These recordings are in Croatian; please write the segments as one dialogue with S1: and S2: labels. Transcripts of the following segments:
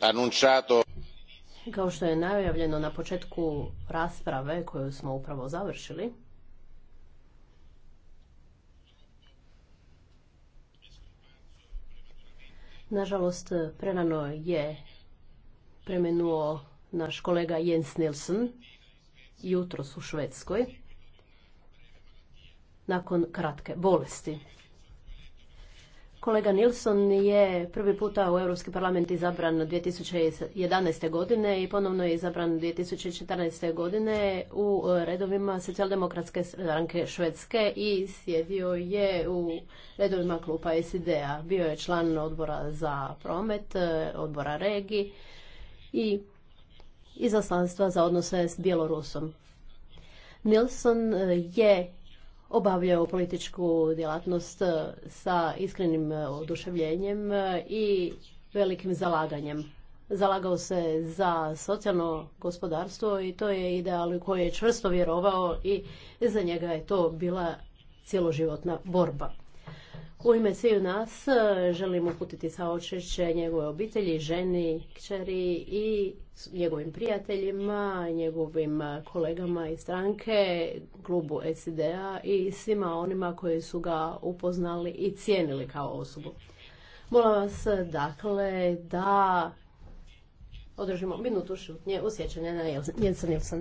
S1: annunciato kao što je najavljeno na početku rasprave koju smo upravo završili, Nažalost, prerano je premenuo naš kolega Jens Nilsson jutros u Švedskoj nakon kratke bolesti. Kolega Nilsson je prvi puta u Europski parlament izabran 2011. godine i ponovno je izabran 2014. godine u redovima socijaldemokratske stranke Švedske i sjedio je u redovima klupa SID-a. Bio je član odbora za promet, odbora regi i izaslanstva za odnose s Bjelorusom. Nilsson je obavljao političku djelatnost e, sa iskrenim e, oduševljenjem e, i velikim zalaganjem. Zalagao se za socijalno gospodarstvo i to je ideal u koji je čvrsto vjerovao i za njega je to bila cjeloživotna borba. U ime sviju nas e, želim uputiti saočešće njegove obitelji, ženi, kćeri i njegovim prijateljima, njegovim e, kolegama iz stranke, klubu SID-a i svima onima koji su ga upoznali i cijenili kao osobu. Molim vas e, dakle da održimo minutu šutnje usjećanja na Jensa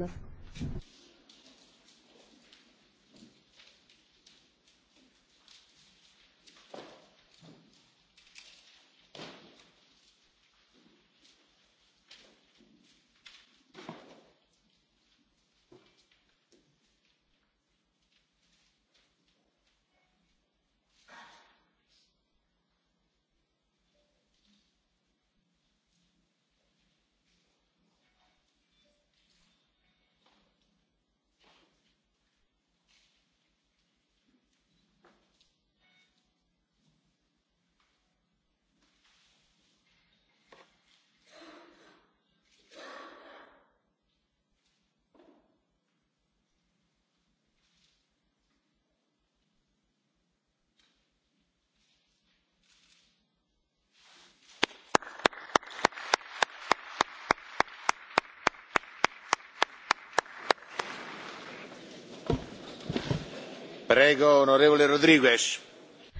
S1: Prego, onorevole Rodriguez.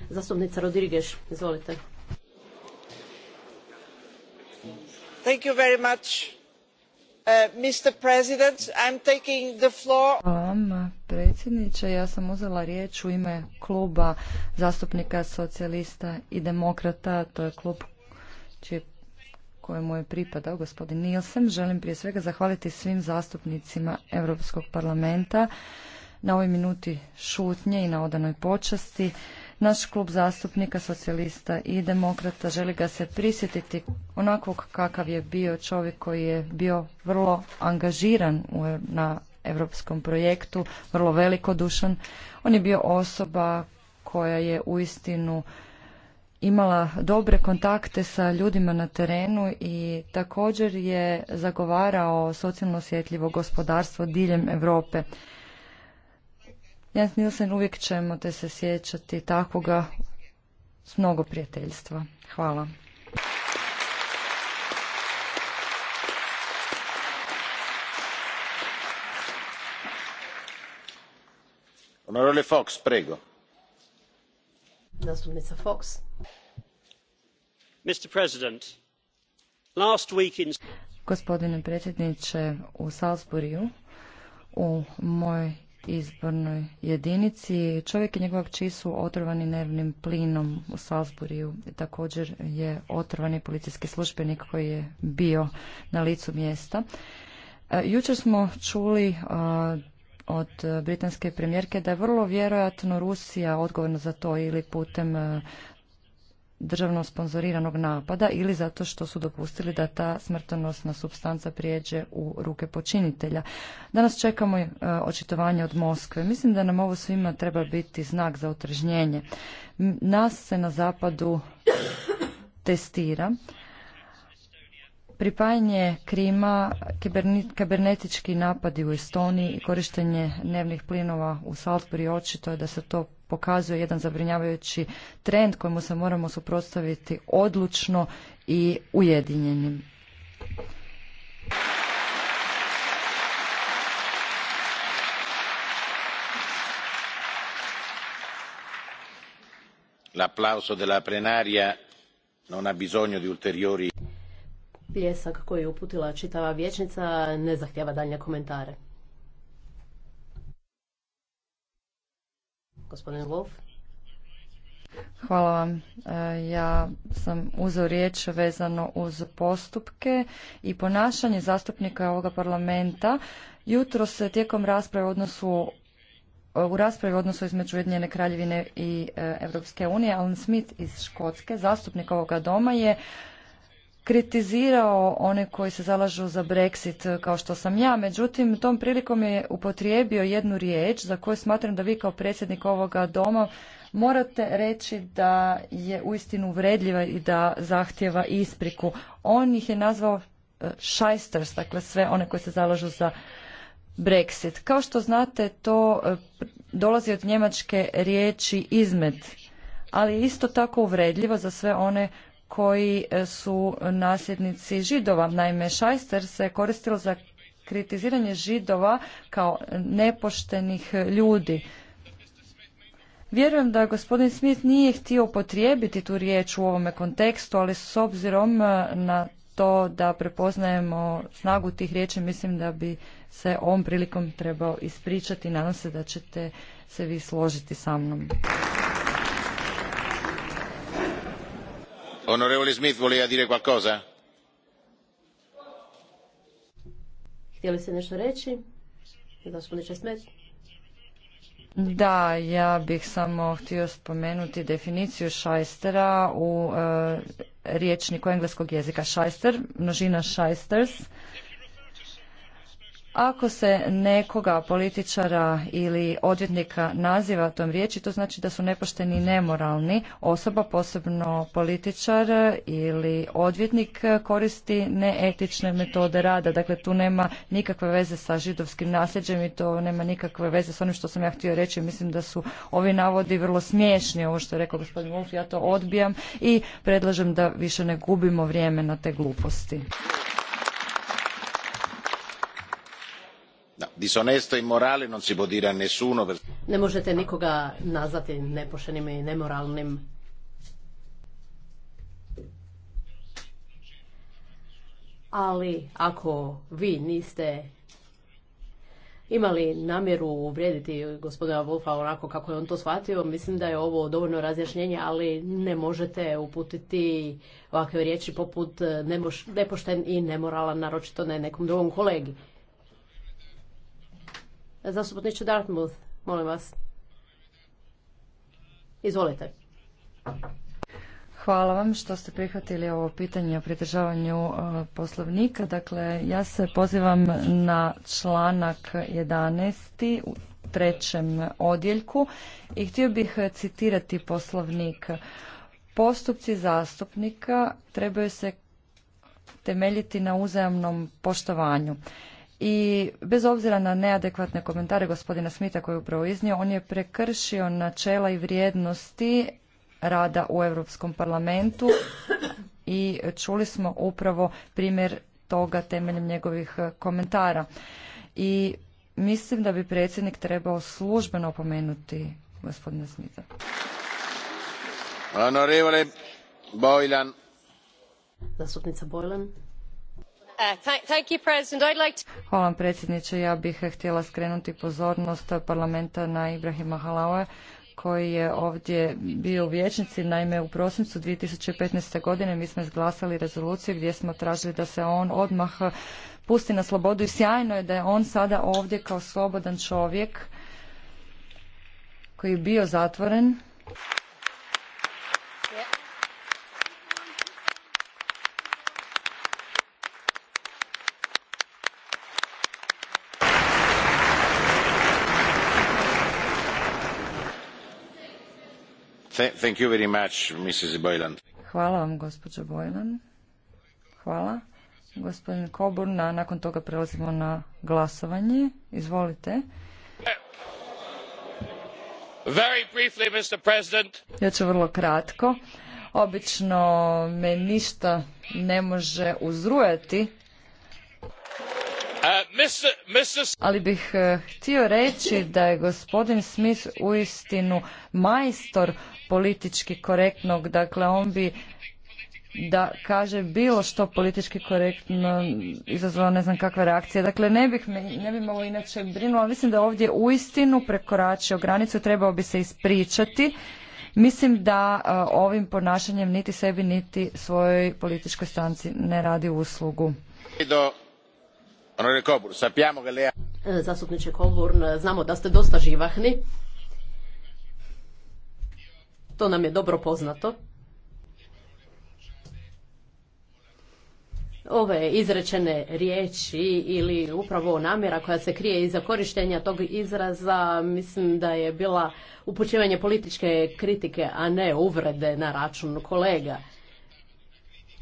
S1: Zastupnica izvolite.
S2: Thank you very uh, Ja sam uzela riječ u ime kluba zastupnika socijalista i demokrata. To je klub kojemu je pripadao gospodin Nielsen. Želim prije svega zahvaliti svim zastupnicima Europskog parlamenta na ovoj minuti šutnje i na odanoj počasti. Naš klub zastupnika, socijalista i demokrata želi ga se prisjetiti onakvog kakav je bio čovjek koji je bio vrlo angažiran u, na europskom projektu, vrlo velikodušan. On je bio osoba koja je uistinu imala dobre kontakte sa ljudima na terenu i također je zagovarao socijalno osjetljivo gospodarstvo diljem Europe. Jens Nilsen, uvijek ćemo te se sjećati takvoga s mnogo prijateljstva. Hvala.
S1: Honorable Fox, prego. Zastupnica Fox. Mr. President, last week in...
S2: Gospodine predsjedniče, u Salzburiju u mojoj izbornoj jedinici. Čovjek i njegova čiji su otrovani nervnim plinom u Salzburiju. Također je otrovani policijski službenik koji je bio na licu mjesta. E, jučer smo čuli e, od britanske premijerke da je vrlo vjerojatno Rusija odgovorna za to ili putem e, državno sponzoriranog napada ili zato što su dopustili da ta smrtonosna substanca prijeđe u ruke počinitelja. Danas čekamo e, očitovanje od Moskve. Mislim da nam ovo svima treba biti znak za otržnjenje. Nas se na zapadu testira, Pripajanje Krima, kibernetički napadi u Estoniji i korištenje dnevnih plinova u Salisbury očito je da se to pokazuje jedan zabrinjavajući trend kojemu se moramo suprotstaviti odlučno i ujedinjenim.
S1: L'applauso della plenaria non ha bisogno di ulteriori Pljesak koji je uputila čitava vječnica ne zahtjeva daljnje komentare. Gospodin Wolf?
S2: Hvala vam. E, ja sam uzeo riječ vezano uz postupke i ponašanje zastupnika ovoga parlamenta. Jutro se tijekom rasprave u odnosu e, u raspravi između Ujedinjene kraljevine i Europske unije, Alan Smith iz Škotske, zastupnik ovoga doma je kritizirao one koji se zalažu za Brexit eh, kao što sam ja, međutim tom prilikom je upotrijebio jednu riječ za koju smatram da vi kao predsjednik ovoga doma morate reći da je uistinu uvredljiva i da zahtjeva ispriku. On ih je nazvao eh, Scheisters, dakle sve one koji se zalažu za Brexit. Kao što znate, to eh, dolazi od njemačke riječi izmed, ali isto tako uvredljivo za sve one koji e, su nasljednici židova. Naime, Šajster se koristilo za kritiziranje židova kao nepoštenih ljudi. Vjerujem da gospodin Smith nije htio potrijebiti tu riječ u ovome kontekstu, ali s obzirom e, na to da prepoznajemo snagu tih riječi, mislim da bi se ovom prilikom trebao ispričati. Nadam se da ćete se vi složiti sa mnom.
S1: Onorevole Smith, voleva dire qualcosa?
S2: Htjeli ste nešto reći? Smith? Da, ja bih samo htio spomenuti definiciju šajstera u e, rječniku riječniku engleskog jezika. Šajster, množina šajsters, ako se nekoga političara ili odvjetnika naziva tom riječi, to znači da su nepošteni i nemoralni. Osoba, posebno političar ili odvjetnik, koristi neetične metode rada. Dakle, tu nema nikakve veze sa židovskim nasljeđem i to nema nikakve veze s onim što sam ja htio reći. Mislim da su ovi navodi vrlo smiješni, ovo što je rekao gospodin Wolf, ja to odbijam i predlažem da više ne gubimo vrijeme na te gluposti.
S1: disonesto Ne možete nikoga nazvati nepoštenim i nemoralnim. Ali ako vi niste imali namjeru uvrijediti gospodina Wolfa onako kako je on to shvatio, mislim da je ovo dovoljno razjašnjenje, ali ne možete uputiti ovakve riječi poput nepošten i nemoralan, naročito ne nekom drugom kolegi. Zastupniče Dartmouth, molim vas. Izvolite.
S2: Hvala vam što ste prihvatili ovo pitanje o pridržavanju e, poslovnika. Dakle, ja se pozivam na članak 11. u trećem odjeljku i htio bih citirati poslovnik. Postupci zastupnika trebaju se temeljiti na uzajamnom poštovanju i bez obzira na neadekvatne komentare gospodina Smita koji je upravo iznio, on je prekršio načela i vrijednosti rada u Europskom parlamentu i čuli smo upravo primjer toga temeljem njegovih komentara. I mislim da bi predsjednik trebao službeno opomenuti gospodina Smita.
S1: Zastupnica Bojlan. Uh,
S2: Hvala vam predsjedniče. Ja bih htjela skrenuti pozornost parlamenta na Ibrahima Halawa koji je ovdje bio u vječnici. Naime, u prosincu 2015. godine mi smo izglasali rezoluciju gdje smo tražili da se on odmah pusti na slobodu i sjajno je da je on sada ovdje kao slobodan čovjek koji je bio zatvoren Thank you Hvala vam, gospođo Bojlan. Hvala. Gospodin Koburna a nakon toga prelazimo na glasovanje. Izvolite. Very Ja ću vrlo kratko. Obično me ništa ne može uzrujati, ali bih eh, htio reći da je gospodin Smith uistinu majstor politički korektnog, dakle on bi da kaže bilo što politički korektno izazvao ne znam kakve reakcije. Dakle, ne bih ne bi malo inače brinula, ali mislim da ovdje uistinu prekoračio granicu, trebao bi se ispričati. Mislim da eh, ovim ponašanjem niti sebi, niti svojoj političkoj stanci ne radi uslugu. E, zastupniče
S1: kogur znamo da ste dosta živahni. To nam je dobro poznato. Ove izrečene riječi ili upravo namjera koja se krije iza korištenja tog izraza, mislim da je bila upućivanje političke kritike, a ne uvrede na račun kolega.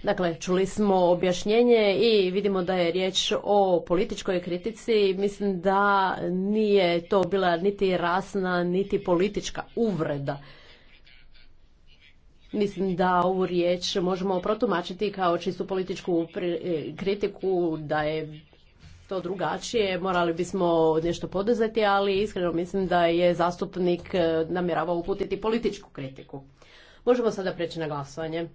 S1: Dakle, čuli smo objašnjenje i vidimo da je riječ o političkoj kritici. Mislim da nije to bila niti rasna, niti politička uvreda. Mislim da ovu riječ možemo protumačiti kao čistu političku e, kritiku, da je to drugačije, morali bismo nešto poduzeti, ali iskreno mislim da je zastupnik e, namjeravao uputiti političku kritiku. Možemo sada preći na glasovanje.